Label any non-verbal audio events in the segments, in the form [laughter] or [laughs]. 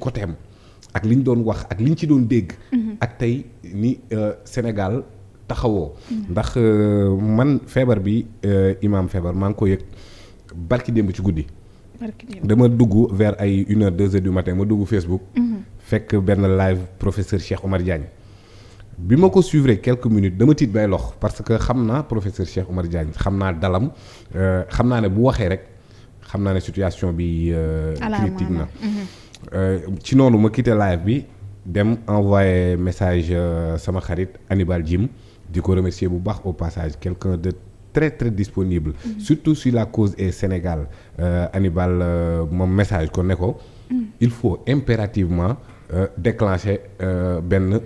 côté am ak li doon wax ak li ñu ci doon dégg. Mhm. ak tey ni euh, Sénégal taxawoo. Mhm. ndax euh, man feebar bi euh, imaam feebar maa ngi ko yëg barki démb ci guddi. dama dugg vers ay une heure deux heures du matin ma dugg Facebook. Mhm. fekk benn live professeur Cheikh Omar Diagne. bi ma ko suivre quelques minutes dama tiit bay lox parce que xam naa professeur Cheikh Omar Diagne xam naa dalam xam naa ne bu waxee rek xam naa ne situation bi. critique na. Euh, ci noonu ma quitté live bi dem envoyé message euh, sama xarit Hannibal Jim di ko remercier bu baax au passage quelqu'un de très très disponible mm-hmm. surtout si la cause est Sénégal euh, Hannibal moom message ko ne ko mm. il faut impérativement déclencher benn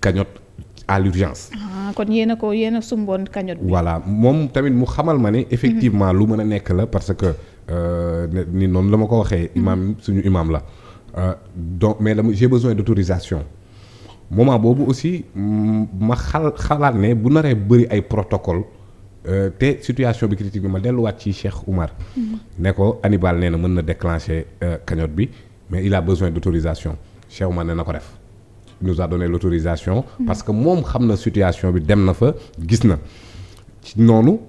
cagnotte à l'urgence ah, kon yéen a ko yéen a sumboon cagnotte bi voilà moom tamit mu xamal ma ne effectivement mm-hmm. lu mën a nekk la parce que Euh, ni noonu la ma ko waxee. Mhm. imaam suñu imaam la. Euh, donc mais dama j'ai besoin d'autorisation moment boobu aussi ma xal xalaat ne bu naree bëri ay protocole euh, te situation bi critique bi ma delluwaat ci Cheikh Oumar. Mhm. ne ko annibal nee na mën na déclencher cagnotte bi mais il a besoin d'autorisation Cheikh Oumar ne na ko def. nous a donné l'autorisation. Mhm. parce que moom xam na situation bi dem na fa gis na. ci noonu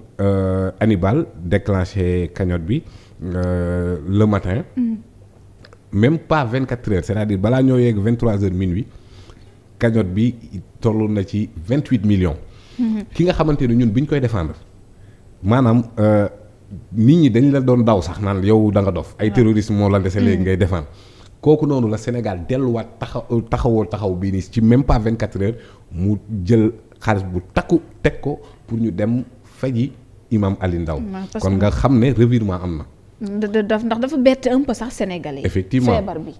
annibal déclenché cagnotte bi. euh, le matin. Mm. même pas 24 heures c'est-à-dire balaa ñoo yegg 23 heures minuit cagnotte bi toll na ci 28 millions. Mm-hmm. ki nga xamante ni ñun bi ñu koy défendre maanaam euh, nit ñi dañ la doon daw sax naan yow da nga dof. ay terroriste moo la dese léegi mm. ngay défendre. kooku noonu la Sénégal delluwaat taxaw euh, taxawoo taxaw bii nii ci même pas 24 heures mu jël xaalis bu takku teg ko pour ñu dem faji imam Ali Ndaw kon nga xam ne revirement am na. da ndax dafa bett un peu sax sénégalais. effectivement feebar bi.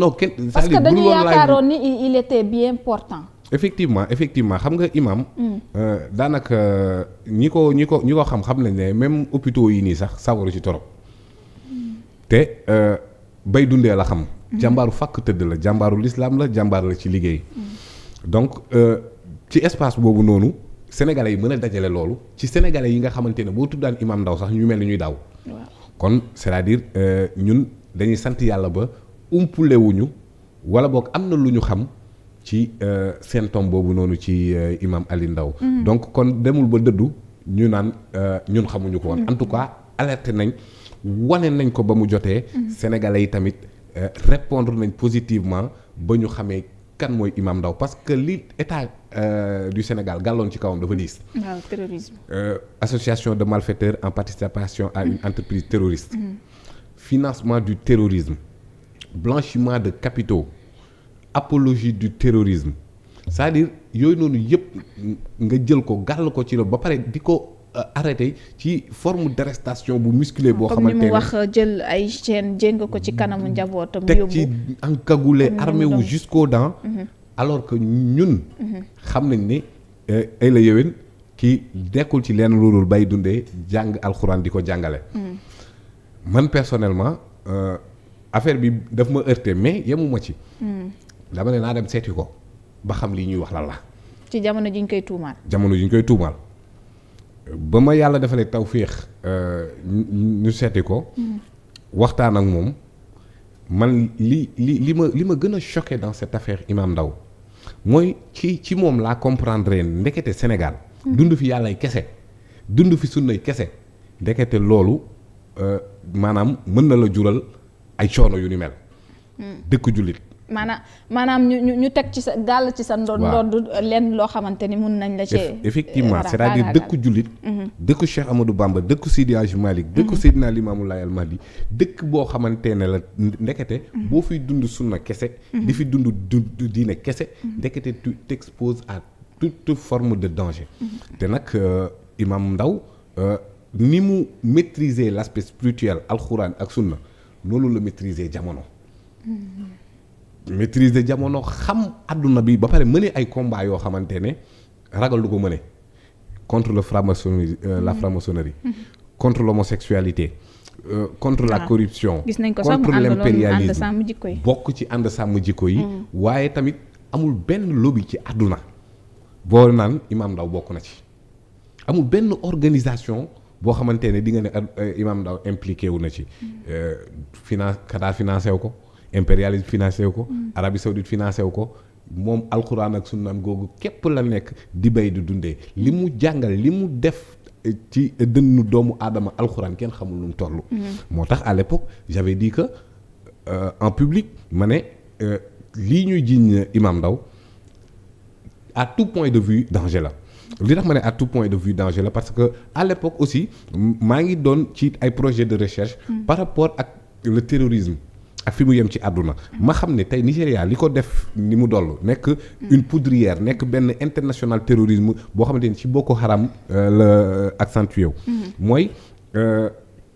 non kenn parce que dañu yaakaaroon ni il était bien portant. effectivement effectivement xam nga imam. Mm. Euh, daanaka ñi ko ñi ko ñi ko xam-xam nañ ne même hôpitaux yi nii sax sawaru ci torop mm. te euh, bay dundee la xam. Mm. jàmbaaru fàkk tëdd la jàmbaaru lislaam la jàmbaar la ci liggéey. donc euh, ci espace boobu noonu sénégalais yi mën a dajale loolu ci sénégalais yi nga xamante ne boo tuddaan imaam ndaw sax ñu mel ni ñuy daaw. kon c'est-à-dire euh, ñun dañuy sant yàlla ba umpule wala boog am na lu ñu xam ci euh, seen tomb boobu noonu ci euh, imam Ali Ndao mm-hmm. donc kon demul ba dëddu ñu naan ñun xamuñu ko woon mm-hmm. en tout cas alerté nañ wane nañ ko ba mu jotee mm-hmm. sénégalais yi tamit répondre nañ positivement ba ñu xamee kan mooy imam Ndao parce que li état Euh, du Sénégal gàlloon ci kawam dafa diis. Euh, association de malfaiteurs en participation à une mm. entreprise terroriste. Mm. financement du terrorisme. blanchiment de capitaux. apologie du terrorisme. cest à yooyu noonu yëpp nga jël ko gall ko ci loolu ba pare di ko euh, arrêté ci forme d'arrestation bu musclé boo xamante ne comme ni mu wax jël ay chaîne jéng ko ci kanamu mm. njabootam. yóbbu teg ci encagoulé armé wu jusqu'aux dents. Mm-hmm. alors que ñun. xam nañ ni euh, ay la yéwén kii nekkul ci leen loolul bay dundee jàng alxuraan di ko jàngale. man personnellement euh, affaire bi daf ma heurté mais yemuma ci. dama ne naa dem seeti ko ba xam li ñuy wax lan la. ci jamono ji ñu koy tuumaal. jamono ji ñu koy tuumaal ba ma yàlla defalee tawféex euh, ñu seeti ko. Mm-hmm. waxtaan ak moom. man li li li ma li ma gën a choqué dans cette affaire Imam ndaw mooy ci ci moom laa comprendre ndekete Sénégal. Hmm. dundu fi yàlla ay kese dundu fi sunnay kese ndekete loolu euh, maanaam mën na la jural ay coono yu ni mel. Hmm. dëkk jullit. maanaam maanaam ñu ñu teg ci sa gàll ci sa. waaw ndodd lenn loo xamante ni mun nañ la. ci effectivement eh, cest dëkku jullit. Mhm. dëkku Cheikh Amadou Bamba dëkku Seydi Hadji Malick. dëkku mhm. Seydina Limamou Laye dëkk boo xamante ne la ndekete. Mhm. boo fi dund sunna kese. di fi dund du diine kese. ndekete tu t'exposes à toute forme de danger. te nag euh, Imam Ndaw euh, ni mu maîtriser l'aspect spirituel alxuraan ak sunna loolu la maîtriser jamono. maîtriser jamono xam àdduna bi ba pare mëne ay combat yoo xamante ne ragal du ko mëne contre le franc-maçonnerie euh, la mhm. franc-maçonnerie contre la Euh, contre ah. la corruption contre l'impérialisme bokk ci ànd sàmm jikko yi mhm. waaye tamit amul benn lobby ci àdduna boo naan Imam Ndao bokk na ci amul benn organisation boo xamante ne di nga ne euh, Imam Ndao impliqué wu na ci mhm. euh, finance Kadhafi financé wu ko impérialisme financé wu ko. Mm. Arabie Saoudite financé wu ko. moom alxuraan ak sunnaam googu képp la nekk di bay di dundee li mu jàngal li mu def eh, ci dënnu doomu aadama alxuraan kenn xamul nu mu toll. Mm. moo tax à l'époque j'avais dit que euh, en public ma ne euh, lii ñuy jiiñ Imam Ndao à tout point de vue danger la. li tax ma ne à tout point de vue danger la parce que à l'époque aussi maa ngi doon ci ay projet de recherche. Mm. par rapport ak le terrorisme. ak fi mu yem ci àdduna ma xam ne tey Nigéria li ko def ni mu doll nekk une poudrière nekk benn international terrorisme boo xamante ni ci Boko Haram euh, la accentué wu mm-hmm. mooy euh,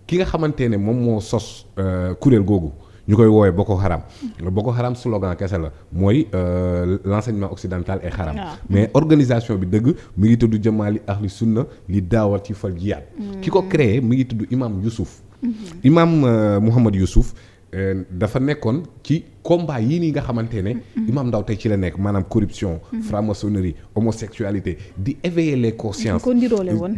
ki nga xamante ne moom moo sos euh, kuréel googu ñu koy woowee Boko Haram mm-hmm. Boko Haram slogan kese la mooy l'enseignement occidental est haram mais organisation bi dëgg mi ngi tudd jamaali ahli sunna li daawal ci fal jiyaat ki ko mm-hmm. créé mi ngi tudd imam Youssouf imam Mouhamad Youssouf Euh, dafa nekkoon ci combat yii nii nga xamante ne. Imam Ndao tey ci la nekk maanaam corruption. franc-maçonnerie homosexualité di éveiller les consciences.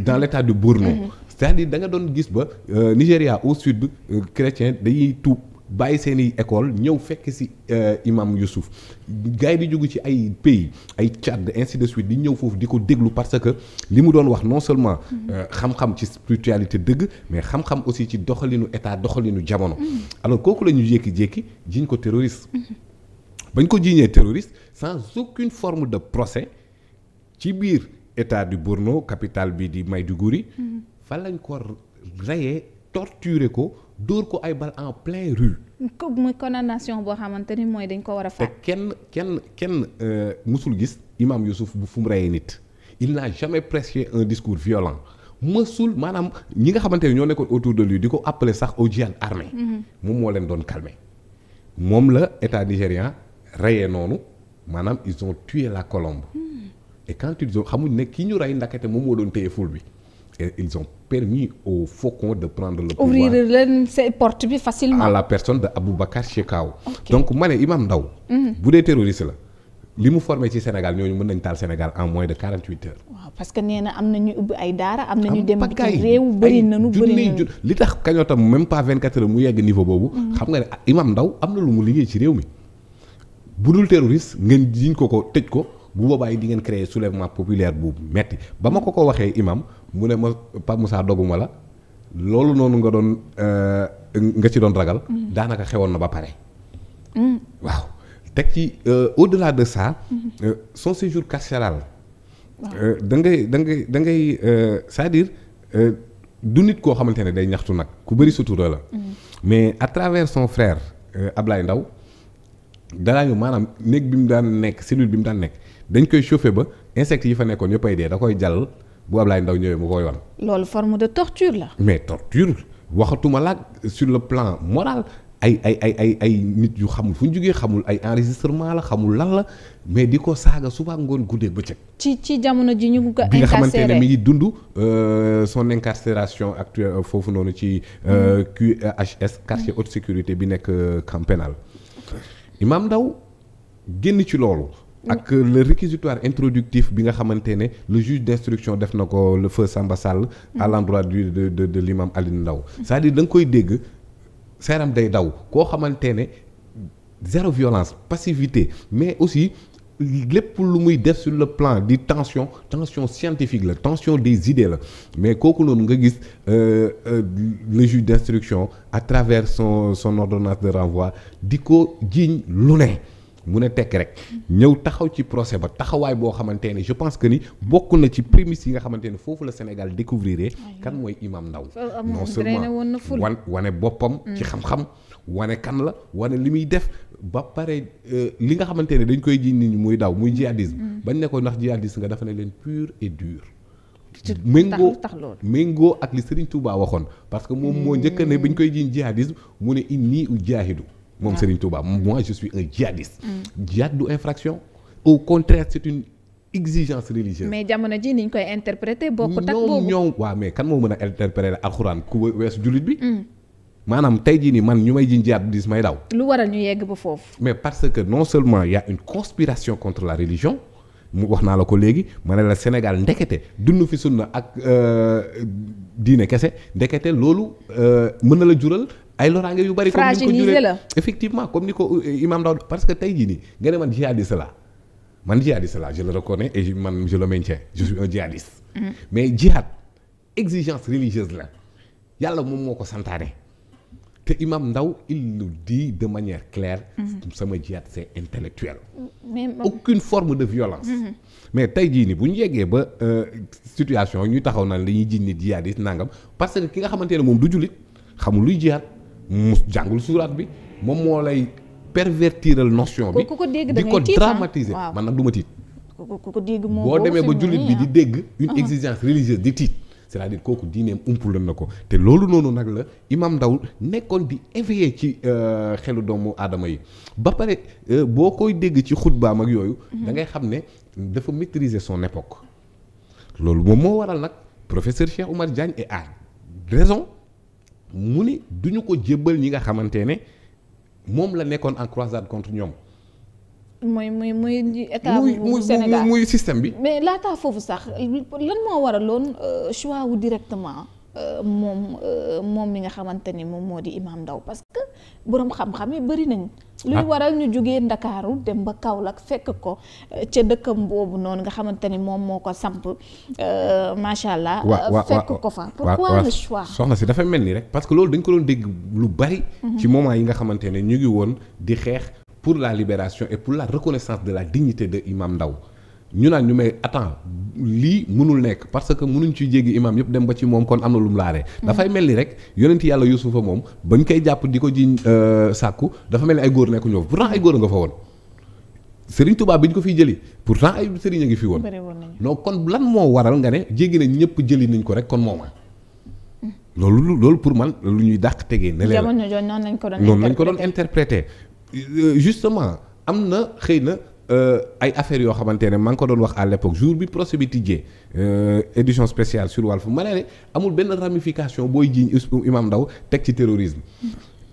dans l'état du Borno. Mm-hmm. c'est-à-dire da nga doon gis ba euh, Nigéria au sud euh, chrétien dañuy tuub. bàyyi seen i école ñëw fekk si euh, imam Youssouf gars yi di jógu ci ay pays ay Tchad ainsi de suite di ñëw foofu di ko déglu parce que li mu doon wax non seulement mm-hmm. euh, xam-xam ci spiritualité dëgg mais xam-xam aussi ci doxalinu état doxalinu jamono mm-hmm. alors kooku la ñu jékki-jékki jiñ ko terroriste mm-hmm. bañ ko jiiñee terroriste sans aucune forme de procès ci biir état du Borno capital bi di may guri fa lañ ko rayee torturer ko dóor ko ay bal en plein rue. muy condamnation boo xamante ni mooy dañ ko war a faat. te kenn kenn kenn euh, musul gis imam Youssouf bu fu mu reyee nit il n'a jamais prêché un discours violent mësul maanaam ñi nga xamante ne ñoo nekkoon autour de lui di ko appeler sax au jihad armé. Mm-hmm. moom moo leen doon calmer. moom la état nigérian reyee noonu maanaam ils ont tué la colombe. Mm. et quand ils xamuñ ne ki ñu rey ndakate moom moo doon téye ful bi. ils ont permis au faucon de prendre le pouvoir ouvrir leen porte bi facilement. à la personne de Aboubacar Chekau. Okay. donc ma ne Imam Ndaw. Mhm. bu dee terroriste la. li mu formé ci Sénégal ñooñu mën nañ taal Sénégal en moins de 48 heures. waaw parce que nee na am na ñu ubbi ay daara am na ñu dem. ci réew bëri na ñu bëri na li tax kañootam même pas 24 heures mu yegg niveau boobu. Mhm. xam nga ne Imam Ndaw am na lu mu liggéey ci réew mi. budul terroriste ngeen jiñ ko ko tëj ko. bu boobaa yi di ngeen créer soulèvement populaire bu metti ba ma ko ko waxee imam mu ne ma Pape Moussa doguma la loolu noonu nga doon euh, nga ci doon ragal. Mm-hmm. daanaka xewoon na ba pare. Mm. waaw teg ci euh, au-delà de de ça. Mm-hmm. Euh, son séjour carcéral. Euh, da ngay da ngay da ngay c'est-à-dire du nit koo xamante ne day ñaxtu nag ku bëri sutura la. Mm-hmm. mais à travers son frère Ablaye Ndaw dalaa ñu maanaam néeg bi mu daan nekk cellule bi mu daan nekk dañ koy chauffer ba insectes yi fa nekkoon yëppay dee da koy jàll bu Ablaye Ndaw ñëwee mu koy wan. loolu forme de torture la. mais torture waxatuma laag sur le plan moral ay ay ay ay ay nit yu xamul fu ñu jugee xamul ay enregistrement la xamul lan la mais di ko saaga suba ngoon guddee bëccëg. ci ci jamono ji ñu bi nga xamante ne mi ngi dund euh, son incarcération actuelle euh, foofu noonu ci euh, mm. QHS quartier haute sécurité bi nekk camp pénal Imam Ndaw génn ci loolu. Mm. ak le réquisitoire introductif bi nga xamante ne le juge d'instruction def na ko le feu Samba Sall à mm. l'endroit du de de de l'imam Alioune Ndao c'est-à-dire da nga koy dégg seeram day daw koo xamante ne zéro violence passivité mais aussi lépp lu muy def sur le plan di tension tension scientifique la tension des idées la mais kooku noonu nga gis euh, euh, le juge d'instruction à travers son son ordonnance de renvoi di ko jiiñ lu ne mu ne tekk rek ñëw taxaw ci procès ba taxawaay boo xamante ne je pense que ni bokk na ci prémices yi nga xamante ne foofu la Sénégal découvrir kan mooy Imam Ndaw non seulement wan wane boppam mm. ci xam-xam wane kan la wane li muy def ba pare euh, li nga xamante ne dañ koy jiiñ nit ñi muy daw muy jihadisme mm. bañ ne ko ndax jihadisme nga dafa ne leen pur et dur méngoo méngoo ak li Serigne Touba waxoon parce que moom moo mm. njëkk ne bi ñu koy jiiñ jihadisme mu ne inni u jaahidu moom ah. Serigne Touba moi je suis un djihadiste. Mm. djihad du infraction. au contraire c'est une exigence religieuse. mais jamono ji ni ñu koy interpréter bokkut ak boobu ñoom mais kan moo mën a interpréter alxuraan ku weesu jullit bi. Mm. maanaam tey jii nii man ñu may jiñ jiyaat dis may daw. lu waral ñu yegg ba foofu. mais parce que non seulement il y a une conspiration contre la religion mu wax naa la ko léegi ma ne la Sénégal ndekete dund fi sunna ak euh, diine kes ndekete loolu euh, mën na la jural ay loraange yu bari. fragilisé la effectivement comme ni ko euh, euh, Imam Daouda parce que tey jii nii nga ne man jihadiste la man jihadiste la je le reconnais et man je le maintiens je suis mm-hmm. exigence religieuse la yàlla moom moo ko santaane. te Imam Ndao il nous dit de manière claire. Mm-hmm. sama jihad c'est intellectuel. mais aucune forme de violence. Mm-hmm. mais tey jii nii bu ñu yeggee ba euh, situation ñu taxaw naan dañuy jiñ nit naa nangam parce que ki nga xamante ne moom du jullit xamul luy jihad. mu jàngul suuraat bi moom moo lay pervertiral notion bi. di ko ah. dramatiser man nag du ma tiit. ku ko dégg moom boo demee ba jullit bi di ah. dégg une uh-huh. exigence religieuse di tiit. c'est-à-dire kooku diineem umpul na ko te loolu noonu nag la imam Ndao nekkoon di éveiller ci euh, xelu doomu aadama yi ba pare euh, boo koy dégg ci xutbaam ak yooyu. Uh-huh. da ngay xam ne dafa maîtriser son époque. loolu moom moo waral nag professeur Cheikh Oumar Diagne est à raison. mu ni du ko jébbal ñi nga xamante ne moom la nekkoon en croisade contre ñoom. mooy muy muy état bu Sénégal muy muy système bi. mais laataa foofu sax lan moo waraloon euh, choix wu directement. moom euh, moom mi nga xamante ni moom moo di Imaam Ndao parce que borom xam-xam yi bëri nañ. luy ah. waral ñu jógee Ndakaaru dem ba kaw Kaolack fekk ko euh, ca dëkkam boobu noonu nga xamante ni moom moo ko samp euh, macha allah. fekk ko fa pourquoi le choix. soxna si dafa mel ni rek parce que loolu dañ ko doon dégg lu bari. Mhm. ci moment yi nga xamante ne ñu ngi woon di xeex pour la libération et pour la reconnaissance de la dignité de Imaam Ndao ñu naan ñu may attends lii mënul nekk parce que mënuñ ci jéggi imaam yëpp dem ba ci moom kon am na lu mu laalee dafay mel ni rek yonent yàlla yusufa moom bañ koy jàpp di ko jiñ euh, sàkku dafa mel ni ay góor nekku ñoo fa pourtant ay góor nga fa woon Sëriñ tubaab bi ñu ko fiy jëli pourtant ay sëriñ a ngi fi woon donc kon lan moo waral nga ne jéggi nañ ñëpp jëli nañ ko rek kon moom loolu loolu pour man lu ñuy dàq tegee ne leen noonu lañ ko doon interprété euh, justement am na xëy na Euh, ay affaires yoo xamante ne maa ngi ko doon wax à l'époque jour bi procès bi tijjee euh, édition spéciale sur Walf fu ne amul benn ramification booy jiiñ Imam ndaw teg ci terrorisme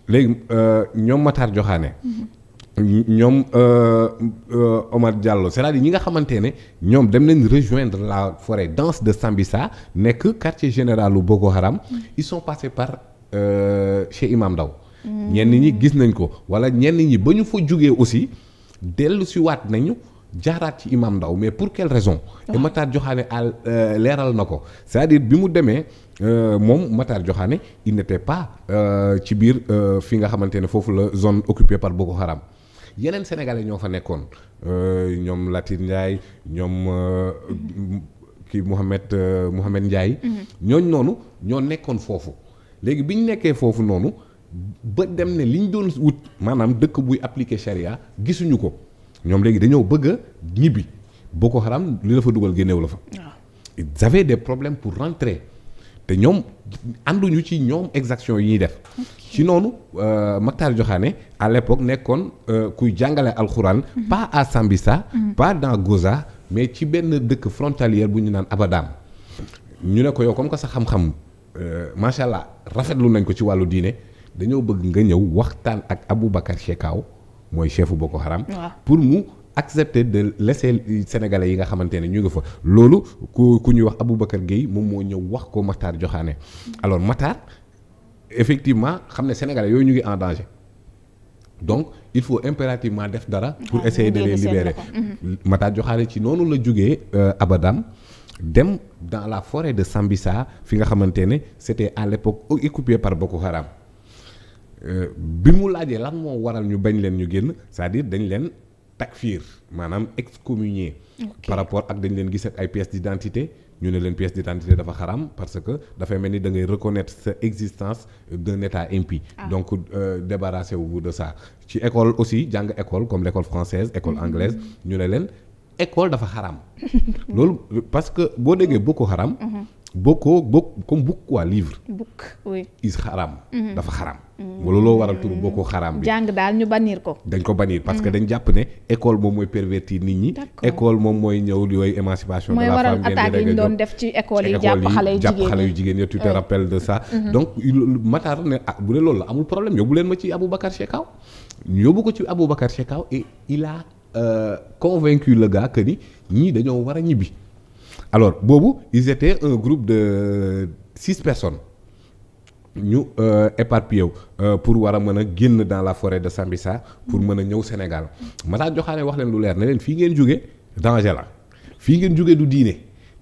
léegi euh, ñoom Matar Joxaane ñoom Omar Diallo cest à ñi nga xamante ne ñoom dem nañ rejoindre la forêt dense de Sambisa nekk quartier général lu Boko Haram ils sont passés par chez Imam Ndao mm. ñenn ñi gis nañ ko wala ñenn ñi ba ñu fa jugee aussi dellu waat nañu jaaraat ci imam Ndaw mais pour quelle raison. et Matar Joxaane euh, à leeral na ko saa à bi mu demee euh, moom Matar Joxaane il n'était pas euh, ci biir fi nga xamante ne foofu la zone occupée par Boko Haram. yeneen sénégalais ñoo fa nekkoon ñoom Latir Ndiaye ñoom kii Mouhamed Mouhamed Ndiaye. Mm-hmm. ñooñ noonu ñoo nekkoon foofu léegi bi ñu nekkee foofu noonu. ba dem ne li ñu doon wut maanaam dëkk buy appliquer charia gisuñu ko ñoom léegi dañoo bëgg a ñibbi Boko Haram li la fa dugal génneew la fa. Ah. ils avaient des problèmes pour rentrer te ñoom ànduñu ci ñoom exaction yi ñuy def. ci noonu euh, Maktar Joxaane à l'époque nekkoon euh, kuy jàngale alxuraan. Mhm. pas à Sambisa. Mhm. pas dans Goza mais ci benn dëkk frontalière bu ñu naan Abadam ñu ne ko yow comme que sa xam-xam euh, macha allah rafetlu nañ ko ci wàllu diine. dañoo bëgg nga ñëw waxtaan ak Aboubacar Shekau mooy chefu Boko Haram. pour mu accepter de laisser sénégalais yi nga xamante ne ñu ngi fa. loolu ku ku ñuy wax Aboubacar Gueye moom moo ñëw wax ko Matar Joxaane alors Matar effectivement xam ne sénégalais yooyu ñu ngi en danger donc il faut impérativement def dara. pour essayer de les libérer. Mhm. Matar Joxaane ci noonu la jógee euh, Abadam. dem dans la forêt de Sambisa fi nga xamante ne c'était à l'époque occupé par Boko Haram. Euh, bi mu laajee lan moo waral ñu bañ leen ñu génn c'est-à-dire dañ leen takfiir maanaam excommunier par rapport ak dañ leen gis ak ay pièces d'identité ñu ne leen pièce d'identité dafa xaram parce que dafay mel ni da ngay reconnaître sa existence d'un état impie ah. donc euh, débarrassé wu de ça ci école aussi jàng école comme l'école française école mm-hmm. anglaise ñu ne leen école dafa xaram [laughs] loolu parce que boo déggee Boko xaram mm-hmm. bokkoo bokk comme book quoi livre. book oui. is xaraam. Mhm. dafa xaraam. Mhm. looloo waral turu bokkoo xaraam jàng daal ñu bannir ko. dañ ko bannir parce que mhm. dañ jàpp ne école moom mooy pervertir nit ñi. école moom mooy ñëw yooyu émancipation. de la femme yi doon def ci école yi jàpp xale yu jigéen ñi xale yu jigéen ñi tu te rappelles de ça. donc Matar ne ah bu dee loolu la amul problème yóbbu leen ma ci Aboubacar Chekao yóbbu ko ci Aboubacar Chekao et il a euh, convaincu le gars que ñii dañoo war a ñibbi. alors boobu ils étaient un groupe de euh, six personnes ñu euh, éparpillé wu euh, pour war a mën a génn dans la forêt de Sambisa pour mën a ñëw Sénégal Matar Joxaane wax leen lu leer ne leen fii ngeen jóge danger la fii ngeen jóge du diine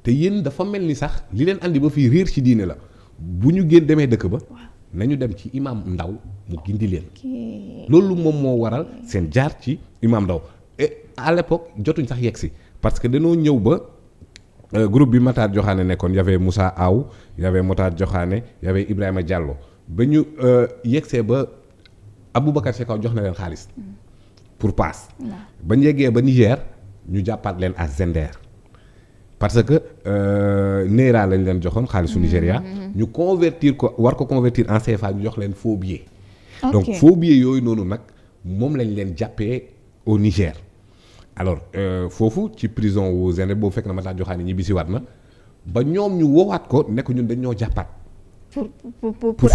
te yéen dafa mel ni sax li leen andi ba fii réer ci diine la bu ñu génn demee dëkk ba nañu dem ci imam Ndaw mu gindi leen loolu moom moo waral seen jaar ci imam Ndaw et jotuñ sax yegg parce que dañoo ñëw ba. Euh, groupe bi Matar Joxaane nekkoon y avait Moussa Aw y avait Matar Joxaane y Ibrahima Diallo ba ñu euh, yegsee ba Aboubacar Sekaw jox na leen xaalis pour passe ba ñu ba Niger ñu jàppaat leen à Zender parce que euh, Naira lañ leen joxoon xaalisu Nigéria mm-hmm, mm-hmm. ñu convertir ko war ko convertir en CFA ñu jox leen faux billet donc faux billet yooyu noonu nag moom lañ leen jàppee au Niger alors euh, foofu ci prison wu Zénith boobu fekk na Matar Diokhané ñibbi si waat na ba ñoom ñu woowaat ko nekk ñu dañ ñoo jàppaat. pour pour pour, pour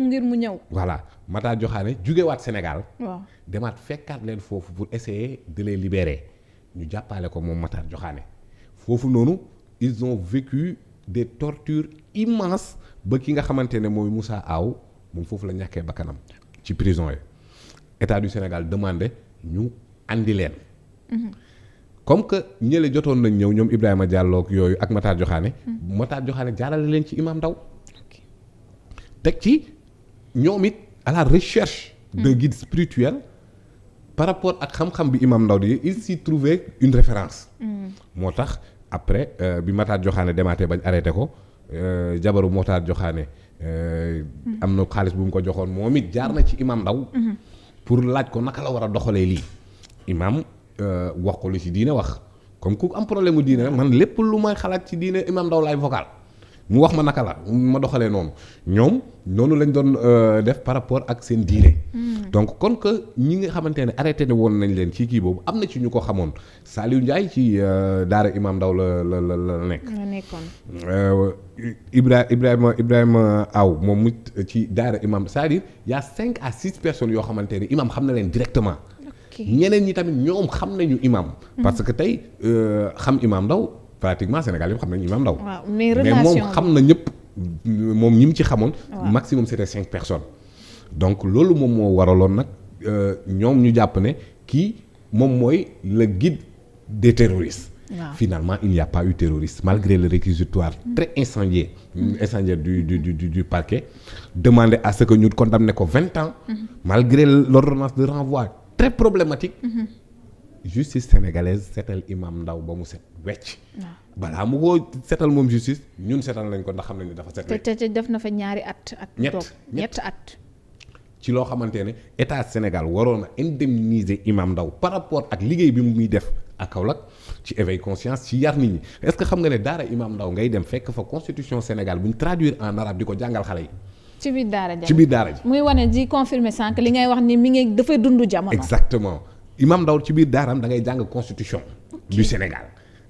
ngir mu ñëw. voilà Matar Diokhané jugewaat Sénégal. demaat fekkaat leen foofu pour essayer de les ñu jàppaale ko moom Matar joxaane foofu noonu ils ont vécu des tortures immenses ba ki nga xamante ne mooy Moussa Aw moom foofu la ñàkkee bakkanam ci prison yi état du Sénégal demandé ñu andi leen. comme que ñële jotoon nañ ñëw ñoom Ibrahima jàllook yooyu ak Matar Joxaane mm-hmm. Matar Joxaane jaarale leen ci Imam Ndaw teg ci ñoom it à la recherche mm-hmm. d'un guide spirituel par rapport ak xam-xam bi Imam Ndaw di il s'y trouvait une référence mm-hmm. moo tax après euh, bi Matar Joxaane demaate bañ arrêté ko euh, jabaru Matar Joxaane euh, am na xaalis bu mu ko joxoon moom it jaar na ci Imam Ndaw pour laaj ko naka la war a doxalee lii Imam Euh, wax ko lu ci diine wax comme ku am problème mu diine rek man lépp lu may xalaat ci diine imam ndaw laay vocal mu wax ma naka la ma doxalee noonu ñoom noonu lañ doon euh, def par rapport ak seen diine. Hmm. donc kon que ñi nga xamante ne arrêté ne woon nañ leen ci kii boobu am na ci ñu ko xamoon Saliou Ndiaye ci euh, daara imam ndaw la la la la nekk. la nekkoon. Ibra Ibrahima Ibrahima Aw moom mu ci daara imam cest à a cinq à six personnes yoo xamante ne imam xam na leen directement. ñeneen ñi tamit ñoom xam nañu imam. Mhm. parce que tey euh, xam imaam ndaw pratiquement Sénégal yëpp xam nañu imam ndaw. mais moom xam na ñëpp moom ñi mu ci xamoon. maximum c'était cinq personnes. donc loolu moom moo waraloon nag euh, ñoom ñu jàpp ne kii moom mooy le guide des terroristes. Wow. Finalement, il n'y a pas eu terroriste, malgré le réquisitoire mmh. très incendiaire, mm. incendiaire du, du, du, du, parquet, demandé à ce que nous condamnions 20 ans, mmh. malgré l'ordonnance de renvoi très problématique. Mm-hmm. justice sénégalaise seetal imam ndaw ba mu set wecc. balaa mu ko setal moom justice ñun setal nañ ko ndax xam nañ ne dafa set. te te def na fa ñaari at ak. ñett ñett at. ci loo xamante ne état Sénégal waroon na indemniser imam ndaw par rapport ak liggéey bi mu muy def ak Kaolack ci éveil conscience ci yar nit ñi est-ce que xam nga ne daara imam ndaw ngay dem fekk fa constitution Sénégal buñ ñu en arabe di ko jàngal xale yi. ci biir daara ja ci biir daara ja muy wane di confirmer sànq li ngay wax ni mi ngi dafay dund jamono. exactement imam Ndao ci biir daaraam da ngay jàng constitution. du Sénégal.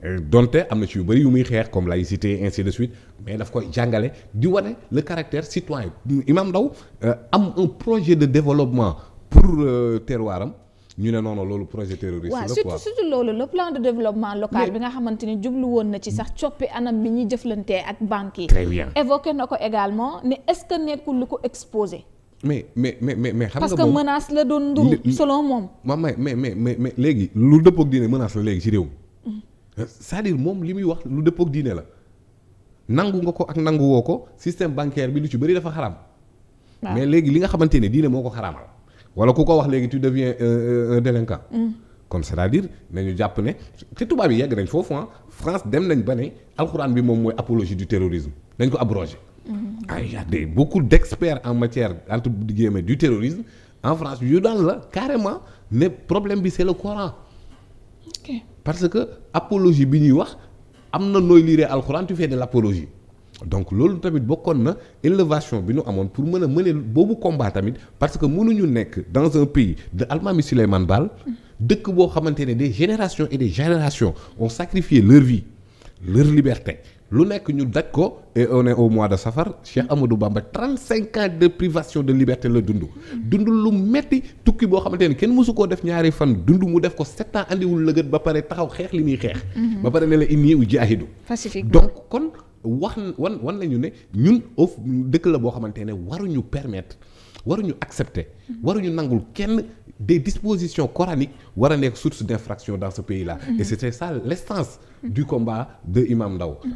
Euh, donte am na ci yu bëri yu muy xeex comme laïcité ainsi de suite mais daf koy jàngale di wane le caractère citoyen imam Ndao euh, am projet de développement pour euh, terroiram. ñu ne noonu loolu projet terroriste la quoi surtout surtout loolu le plan de développement local bi nga xamante ni jublu woon na ci sax coppi anam bi ñuy jëflantee ak banques yi. très bien évoqué na ko également ne est-ce que nekkul lu ko exposé. mais mais mais mais xam que menace la doon nduru selon moom. waaw mais mais mais mais léegi lu dëppoog diine menace la léegi ci réew mi. cest moom li muy wax lu dëppoog diine la. nangu nga ko ak nangu woo ko système bancaire bi lu ci bëri dafa xaram. mais léegi li nga xamante ne diine moo ko xaramal. wala ku ko wax léegi tu deviens euh, euh, un délinquant mm. kon c'est-à-dire nañu jàpp ne te tubaab yi yegg nañ foofu ah France dem nañ ba ne alxuraan bi moom mooy apologie du terrorisme nañ ko abrogé mm-hmm. ah y a des beaucoup en matière entre guillemets du terrorisme en France yu daan la carrément ne problème bi c'est le Coran parce que apologie bi ñuy wax am na nooy liiree alxuraan tu fais de l'apologie donc loolu tamit bokkoon na élévation bi nu amoon pour mën a mëne boobu combat tamit parce que ñu nekk dans un pays de Almami Souleymane Baal dëkk boo xamante ne des générations et des générations ont sacrifié leur vie leur liberté lu nekk ñu daj ko et on est au mois de safar Cheikh Amadou Bamba 35 ans de privation de liberté la dundu dund lu metti tukki boo xamante ne kenn mësu koo def ñaari fan dund mu def ko 7 indiwul andiwul lëgët ba pare taxaw xeex li muy xeex. Mhm. ba pare ne wax wan wan nañu ne ñun of dëkk la boo xamante ne waruñu permettre waruñu accepter mhm. waruñu nangul kenn des dispositions coraniques war a nekk source d'infraction dans ce pays la mhm. et c'était ça l'essence mhm. du combat de Imam Ndao